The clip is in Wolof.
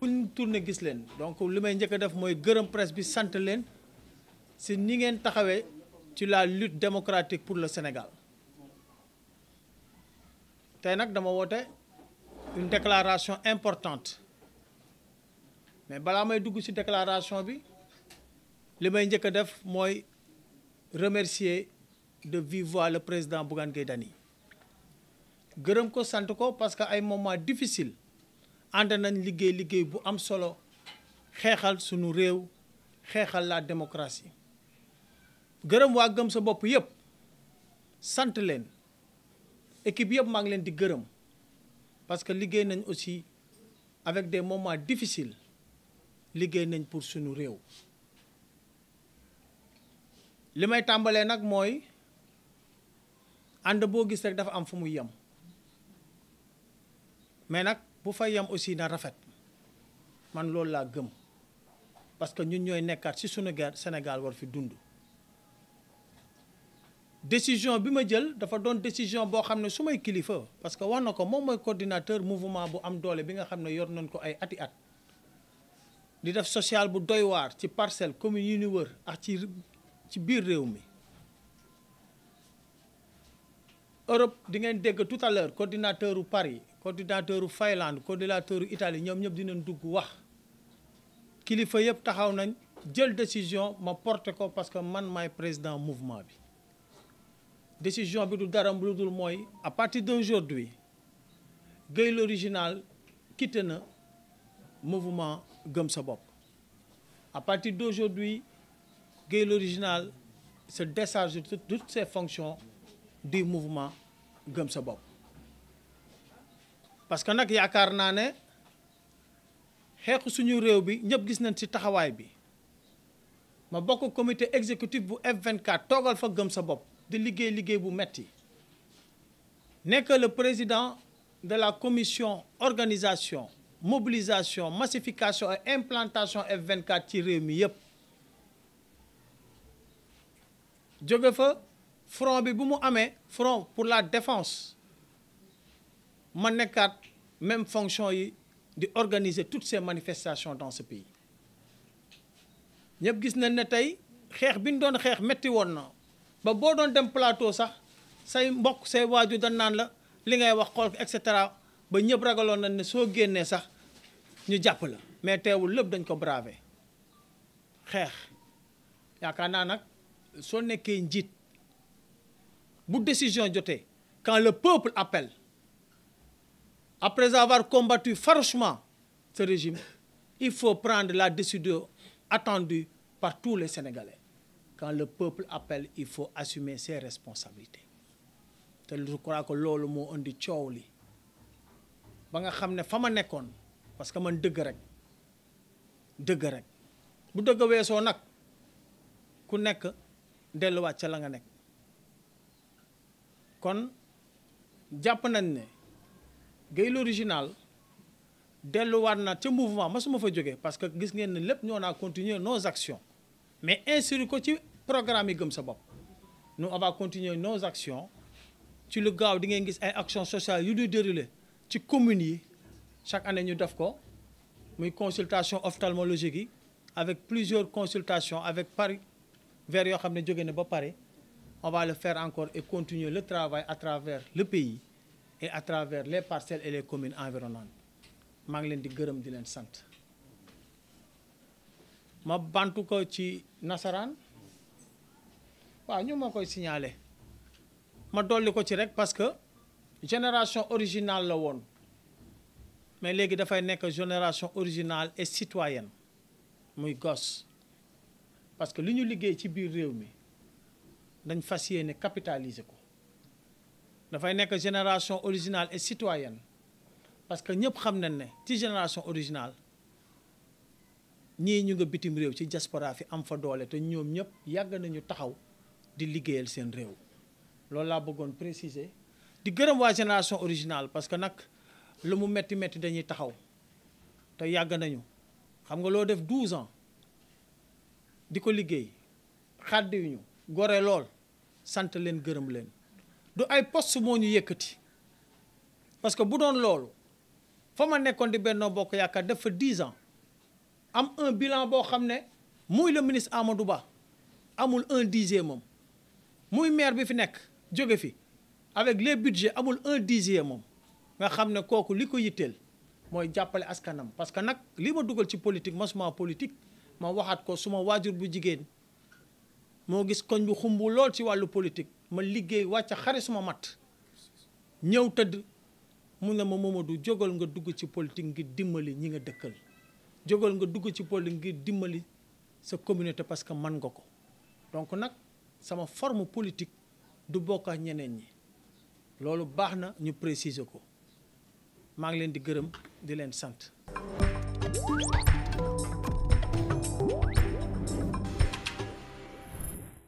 buñ tourné gis leen donc li may njëkk def mooy gërëm presse bi sant leen si ni ngeen taxawee ci la lutte démocratique pour le Sénégal tey nag dama woote une déclaration importante mais balaa may dugg ci déclaration bi li may njëkk a def mooy remercier de vive voix le président Bougane Gueye gërëm ko sant ko parce que ay moment difficile ànd nañ liggéey liggéey bu am solo xeexal sunu réew xeexal laa démocratie gërëm waa gëm sa bopp yëpp sant leen équipe yëpp maa ngi leen di gërëm parce que liggéey nañ aussi avec des moments difficiles liggéey nañ pour sunu réew li may tàmbalee nag mooy ànd boo gis rek dafa am fu muy yem mais nag bu fa yem aussi na rafet man loolu laa gëm parce que ñun ñooy nekkaat si sunu guerre Sénégal war fi dund décision bi ma jël dafa doon décision boo xam ne su may kilifa parce que wax na ko moom mooy coordinateur mouvement bu am doole bi nga xam ne yor nañ ko ay ati at di def social bu doy waar ci parcelle commune yi ñu wër ax ci ci biir réew mi Europe di ngeen dégg toutaleur à l'heure par u coordinateur Finlande coordinateur Italie ñoom ñëpp dinañ dugg wax kilifa yëpp taxaw nañ jël décision ma porté ko parce que man maay président mouvement bi décision bi du dara lu dul mooy à partir d'aujourd'hui Gueye l'original quitté na mouvement gëm sa bopp à partir d'aujourd'hui Gueye l'original se décharge de toutes ses fonctions du mouvement gëm sa bopp parce que nag yaakaar naa ne xeexu suñu réew bi ñëpp gis nañ ci taxawaay bi ma bokk comité exécutif bu F24 toogal fa gëm sa bopp di liggéey liggéey bu metti nekk le président de la commission organisation mobilisation massification et implantation F24 ci réew mi yëpp jóge fa front bi bu mu amee front pour la défence ma nekkaat même fonction yi di organiser toutes ces manifestations dans ce pays ñëpp gis nañ ne tey xeex bi ñu doon xeex métti woon na ba boo doon dem plateau sax say mbokk say waajur dañ naan la li ngay wax xool et cetera ba ñëpp ragaloon nañ ne soo génnee sax ñu jàpp la mais teewul lépp dañ ko bravé xeex yaakaar naa nag soo nekkee njiit bu décision jotee quand le peuple appelle après avoir combatu farouchement ce régime, il faut prendre la décision attendue par tous les Sénégalais. Quand le peuple appelle, il faut assumer ses responsabilités. te je crois que loolu moo indi coow li ba nga xam ne fa ma nekkoon parce que man dëgg rek dëgg rek bu dëgg weesoo nag ku nekk delluwaat ca la nga nekk kon jàpp nañ ne Gueye l'original delluwaat na ca mouvement ma fa jógee parce que gis ngeen ne lépp ñoo naa continuer nos actions mais insérer ko ci programme yi gëm sa bopp nous on va continuer nos actions ci lu gaaw di ngeen gis ay actions sociales yu du déroulé ci commune yi chaque année ñu def ko muy consultation ophtalmologique yi avec plusieurs consultations avec Paris vers yoo xam ne jóge na ba pare on va le faire encore et continuer le travail à travers le pays et à travers les parcelles et les communes environnantes maa ngi leen di gërëm di leen sant ma bantu ko ci nasaraan waaw ñu ma koy signalé ma dolli ko ci rek parce que génération originale la woon mais léegi dafay nekk génération originale et citoyenne muy gos parce que li ñu liggéey ci biir réew mi dañ fas yéene capitaliser ko dafay nekk génération originale et citoyenne parce que ñëpp xam nañ ne ci génération original ñii ñu nga bitim réew ci diaspora fi am fa doole te ñoom ñëpp yàgg nañu taxaw di liggéeyal seen réew loolu laa bëggoon préciser di gërëm waa génération originale parce que nag lu mu metti metti dañuy taxaw te yàgg nañu xam nga loo def 12 ans di ko liggéey xàddiwuñu gore lool sant leen gërëm leen du ay post moo ñu yëkkati parce que bu doon loolu fa ma nekkoon di Benno Bokk Yaakaar def fa dix ans am un bilan boo xam ne muy le ministre Amadou Ba amul un dixième moom muy maire bi fi nekk jóge fi avec les budgets amul un dixième moom nga xam ne kooku li ko yitteel mooy jàppale askanam parce que nag li ma dugal ci politique masuma politique ma waxaat ko suma waajur bu jigéen moo gis koñ bu xumbu lool ci wàllu politique ma liggéey wàcc xare suma mat ñëw tëdd mu ne ma Momadou jógal nga dugg ci politique ngir dimbali ñi nga dëkkal jógal nga dugg ci politique ngir dimbali sa communauté parce que man nga ko donc nag sama forme politique du bokk ñeneen ñi loolu baax na ñu préciser ko maa ngi leen di gërëm di leen sant